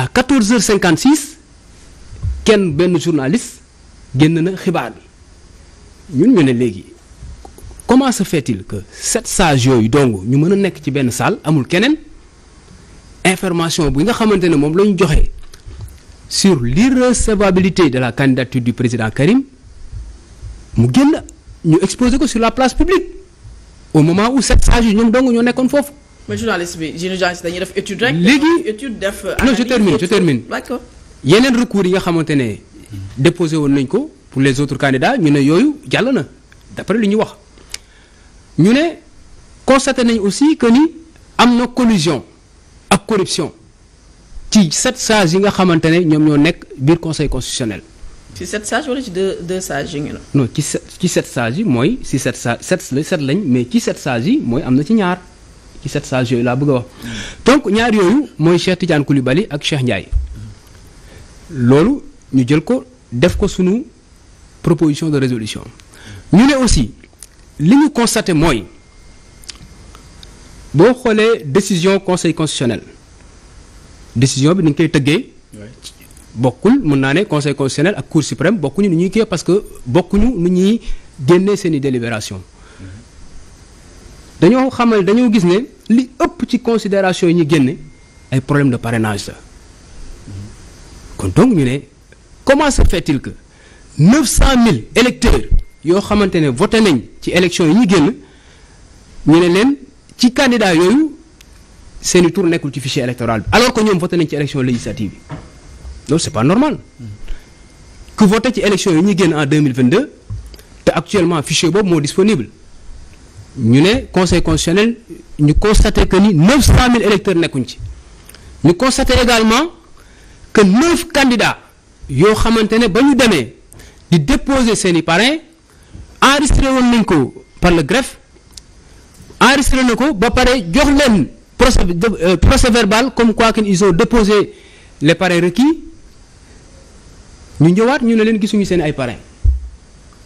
à 14 heures 56 kenn benn journaliste génn na xibaar bi ñun ñu ne léegi comment se fait-il que sept sages yooyu dong ñu mën a nekk ci benn salle amul keneen information bi nga xamante ne moom la ñu joxe sur l'irrecevabilité de la candidature du président Karim mu génn ñu exposé ko sur la place publique au moment où sept sages yi ñoom dong ñoo nekkoon foofu mais journaliste bi journaliste dañuy def étude rek. léegi étude def. non je termine je termine. d'accord yeneen recours yi nga xamante ne déposé woon nañ ko pour les autres candidats ñu ne yooyu jàll na d'après lu ñuy wax ñu ne constaté nañ aussi que ni am na collusion ak corruption ci sept sages yi nga xamante ne ñoom ñoo nekk biir conseil constitutionnel. ci sept sages wala ci deux deux sages yi non ci sept ci sept sages yi mooy ci sept sages sept sept lañ mais ci sept sages yi mooy am na ci ñaar. ci sept sages yooyu laa bëgg a wax donc ñaar yooyu mooy Cheikh Tidiane Koulibaly ak Cheikh Ndiaye loolu ñu jël ko def ko sunu proposition de résolution ñu ne aussi li ñu constaté mooy boo xoolee décision conseil constitutionnel décision bi ni koy tëggee bokkul mun naa ne conseil constitutionnel ak cour suprême bokkuñu ni ñuy kii parce que bokkuñu ni ñuy génnee seeni délibération dañoo xamal dañoo gis ne li ëpp ci considération yi ñu génne ay problème de parrainage la kon donc ñu ne comment se fait-il que 900000 électeurs yoo xamante ne voté nañ ci élection yi ñu génn ñu ne leen ci candidat yooyu seeni tour nekkul ci fichier électoral bi alors que ñoom voté nañ ci élection législative bi loolu c'est pas normal ku voté ci élection yi ñu génn en 2022 te actuellement fichier boobu moo disponible ñu ne conseil constitutionnel ñu constaté que ni 900000 électeurs nekkuñ ci ñu constaté également que neuf candidats yoo xamante ne ba ñu demee di déposer seen i parrain enregistré woon nañ ko par le greffe enregistré na ko ba pare jox leen procès euh, procès verbal comme quoi que ils ont déposé les parrains requis ñu ñëwaat ñu ne leen gisuñu seen ay parrain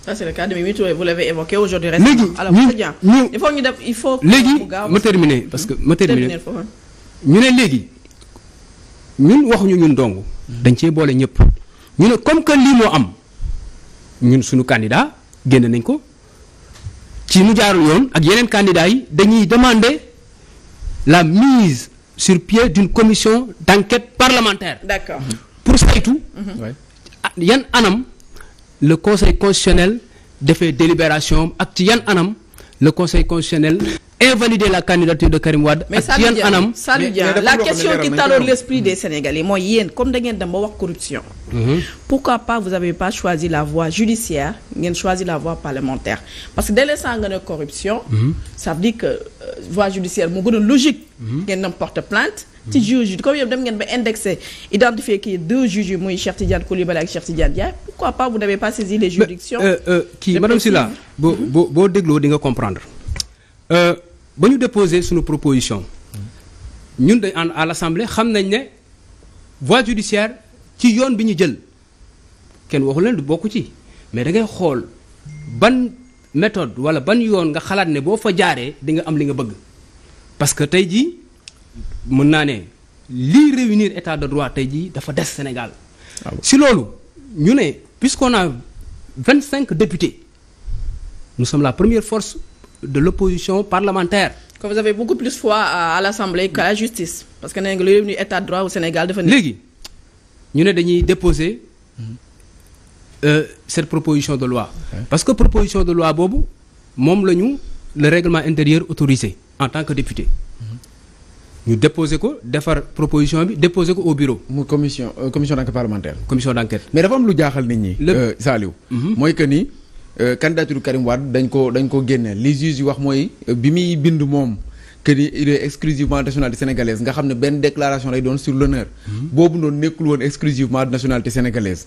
ça c'est le cas de Mimi Touré vous l'avez évoqué aujourd'hui récemment alors très bien il faut ñu def il faut léegi ma terminer hmm? parce que ma terminer ñu ne léegi ñun waxuñu ñun dong dañ cee boole ñëpp ñu ne comme que lii moo am ñun suñu candidat génn nañ ko ci mu jaarul yoon ak yeneen candidats yi dañuy demandé la mise sur pied d'une commission d'enquête parlementaire d'accord pour saytu hmm. ah, yan anam le conseil constitutionnel defee délibération am ak ci yan anam le conseil constitutionnel invalider la candidature de Karim Wade. ak ci yan anam mais la question qui talonne l'esprit des Sénégalais mooy yéen comme da ngeen dem ba wax corruption. Mhm. pourquoi pas vous avez pas choisi la voie judiciaire ngeen choisi la voie parlementaire parce que dès l'instant nga ne corruption. Mhm. ça veut dire que euh, voie judiciaire moo gën a logique. Mhm. ngeen dem porte plainte. ci juge yi ngeen ba indexé identifié kii deux juges yi muy Cheikh Tidiane Coulibaly ak Cheikh Tidiane Diaye pourquoi pas euh, euh, boo boo boo di nga comprendre euh, ba ñu déposé suñu proposition ñun dañ ànd à l'assemblée xam nañ ne voie judiciaire ci yoon bi ñu jël kenn waxu leen du bokk ci mais da ngay xool ban méthode wala ban yoon nga xalaat ne boo fa jaaree di nga am li nga bëgg parce tey jii mën naa ne lii réunir état de droit tey jii dafa des Sénégal. Ah si loolu ñu ne puisqu'on a vingt cinq députés nous sommes la première force de l'opposition parlementaire. que vous avez beaucoup plus foi à l'Assemblée qu'à la justice. parce que nee nga lu réunir état de droit au Sénégal dafa. léegi ñu ne dañuy déposer. Euh, cette proposition de loi okay. parce que proposition de loi boobu moom la ñu le règlement intérieur autorisé en tant que député mm-hmm. ñu déposé ko defar proposition bi déposé ko au bureau. mu commission euh, commission d' enquête parlementaire. commission d' enquête. mais dafa am lu jaaxal nit ñi. lépp euh, Saliou. Mhm. mooy que ni euh, candidature Karim Wade dañ ko dañ ko génne li juge yi wax mooy euh, bi muy bind moom. que ni il est exclusivement nationalité sénégalaise nga xam ne benn déclaration lay doon sur l'honneur mm-hmm. boobu noonu nekkul woon exclusivement nationalité sénégalaise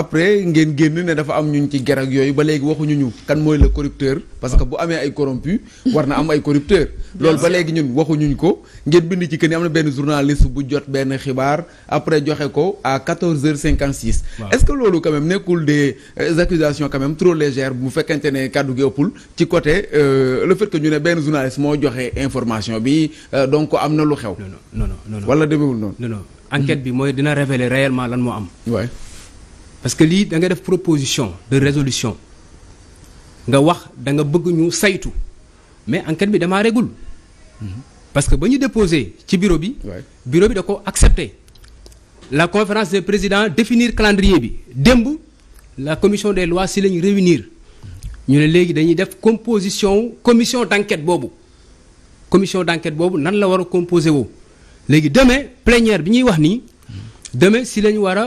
après ngeen génn ne dafa am ñun ci ger yooyu ba léegi waxuñu ñu kan mooy le corrupteur parce que bu amee ay corrompu war na am ay corrupteur loolu ba léegi ñun waxuñuñ ko ngeen bind ci que ni am na benn journaliste bu jot benn xibaar après joxe ko à 14 loolu quand nekkul des euh, euh, moo joxe information information bi euh, donc am na lu xew. non non non wala demewul noonu. non non bi mooy dina révéler réellement lan moo am. waay parce que lii da nga def proposition de résolution nga wax da nga bëgg ñu saytu mais enquête bi démarré gul. Mm-hmm. parce que ba ñu déposé ci bureau bi. bureau bi da ko accepté. la conférence des présidents définir calendrier bi démb la commission des lois si lañu réunir ñu ne léegi dañuy def composition commission d' enquête boobu commission d'enquête boobu nan la war a composé woo léegi demain plénière bi ñuy wax nii demain si la ñu war a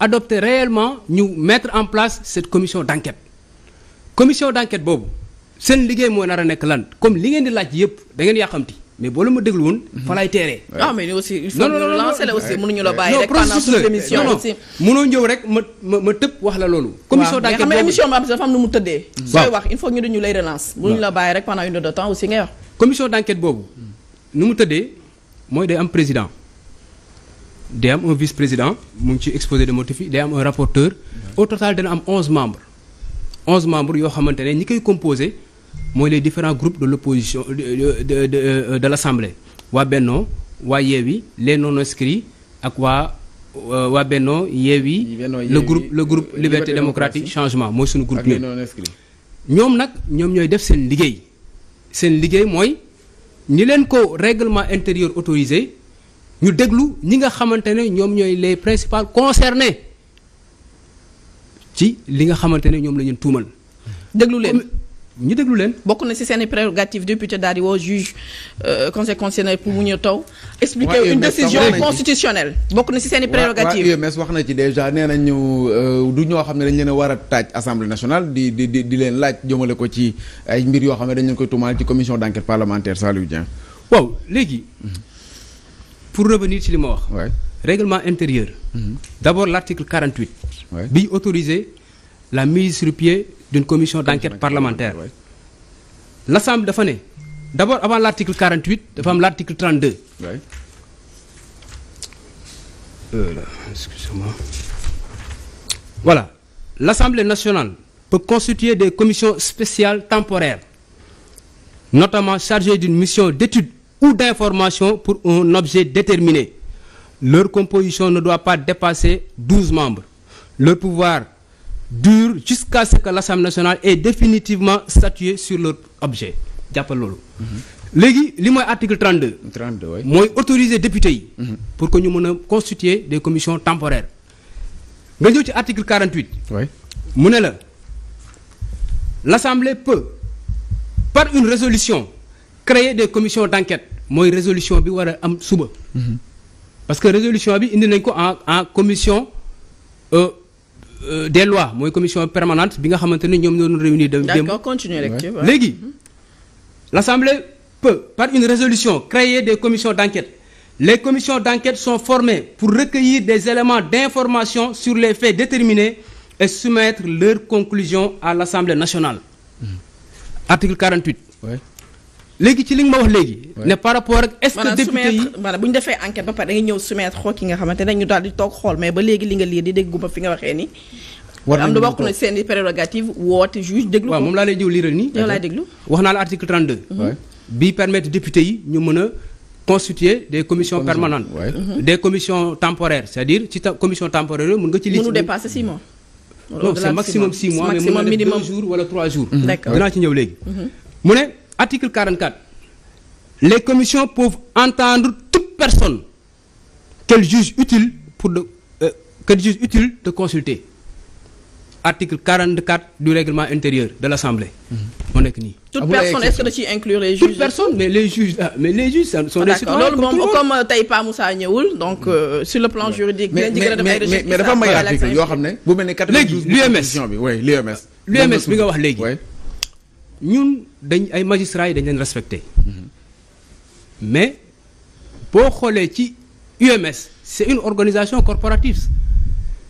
adopter réellement ñu mettre en place cette commission d'enquête commission d'enquête boobu seen liggéey moo nar a nekk lan comme li ngeen di laaj yëpp da ngeen yàqamti mais boo la ma déglu woon. fa laay teeree. non lay relance. waaw mënuñu la bàyyi rek pendant une temps aussi ngay wax. commission d'enquête boobu nu mu tëddee mooy day am président day am un vice président mu ngi ci exposé de motifs yi day am un rapporteur au total dana am onze membre onze membres yoo xamante ne ñi koy composé mooy les différents groupes de l'opposition de de de, de euh, l'Assemblée waa Benno waa Yewwi les non inscrits ak waa euh, waa Benno Yewwi le groupe le groupe Liberté démocratique changement mooy suñu groupe ñoom nag ñoom ñooy def seen liggéey seen liggéey mooy ñi leen ko réglement intérieur autorisé ñu déglu ñi nga xamante ne ñoom ñooy les principaux concernés ci li nga xamante ne ñoom la tuumal déglu leen ñu déglu leen. bokk na ci seen i prérogative député daal di woo juge euh, conseil constitutionnel pour mu ñu taw. expliquer une décision bokk na ci seen i prérogative wax na ci déjà nee nañu euh, du ñoo xam ne dañ leen a war taaj assemblée nationale di di di leen laaj jëmale ko ci ay mbir yoo xam ne dañ leen koy tuumaal ci commission d'enquête parlementaire Saliou Dieng. waaw léegi pour revenir ci li ma wax. règlement intérieur. Mhm. d'abord l'article 48. bi autorisé la mise sur d'une commission d'enquête parlementaire l'Assemblée dafa ne d'abord avant l'article 48 dafa am l'article 32 euh, excusez-moi voilà l'Assemblée nationale peut constituer des commissions spéciales temporaires notamment chargées d'une mission d'étude ou d'information pour un objet déterminé leur composition ne doit pas dépasser douze membres leur pouvoir dure jusqu'à ce que l'Assemblée nationale ait définitivement statué sur leur objet jàppal loolu mhm. léegi li mooy article 32 32 oui. mooy autoriser député yi mhm. pour que ñu mën a constituer des commissions temporaires nga ñëw ci article 48 oui mu ne la l'Assemblée peut par une résolution créer des commissions d'enquête mooy résolution bi war a am suba mhm. parce que résolution bi indi nañ ko en en commission euh, Euh, des lois mooy commission permanente bi nga xamante ne ñoom ñoo doon réunir. dem d'accord continuer rek ci léegi l'assemblée peut par une résolution créer des commissions d'enquête les commissions d'enquête sont formées pour recueillir des éléments d'information sur les faits déterminés et soumettre leurs conclusions à l'Assemblée nationale. Mmh. Article 48. Ouais. léegi ci li nga ma wax léegi. ne par rapport ak est député yi maanaam bu ñu defee enquête ba pare da ñëw soumettre xoo nga xamante ne ñu daal di toog xool mais ba léegi li nga lii di dégguma fi nga waxee ni i prérogative woote juge déglu. waaw moom laa lay jiw liiral nii. wax naa la article 32. Mhm. bi permettre député yi ñu mën a constituer des commissions permanentes. Mhm. des commissions temporaires c'est-à-dire ci commission temporaire yooyu mën nga ci. lii mënu dépasser six mois. non c'est maximum six mois mais article 44 les commissions peuvent entendre toute personne qu'elles jugent utile pour de euh, qu'elles utile de consulter article 44 du règlement intérieur de l'Assemblée. Mm-hmm. moo nekk nii. toute personne est-ce que inclure les juges. mais les juges ah mais les loolu moom comme euh, tey Pa Moussa ñëwul donc euh, sur le plan juridique. mais mais mais dafa may article yoo xam ne. bu mel ne 92 léegi l'UMS. l'UMS bi nga wax léegi. ñun dañ ay magistrats yi dañ leen respecté mais boo xoolee ci UMS c' est une organisation corporative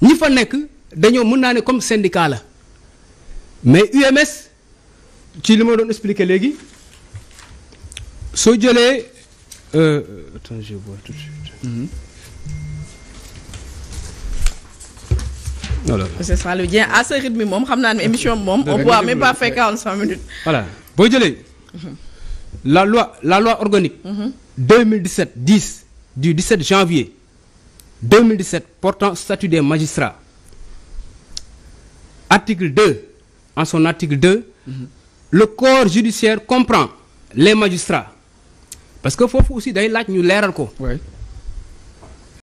ñi fa nekk dañoo mën naa ne comme syndicat la mais UMS ci li ma doon expliqué léegi soo jëlee euh, attends je vois tout voilà c'est ça le bien à ce rythme moom xam naan émission moom. on pourra même pas faire 45 minutes. voilà boo jëlee. Mm-hmm. la loi la loi organique. 2017 mm-hmm. 10 du 17 janvier 2017 portant statut des magistrats article 2 en son article 2. Mm-hmm. le corps judiciaire comprend les magistrats parce que foofu aussi day laaj ñu leeral ko.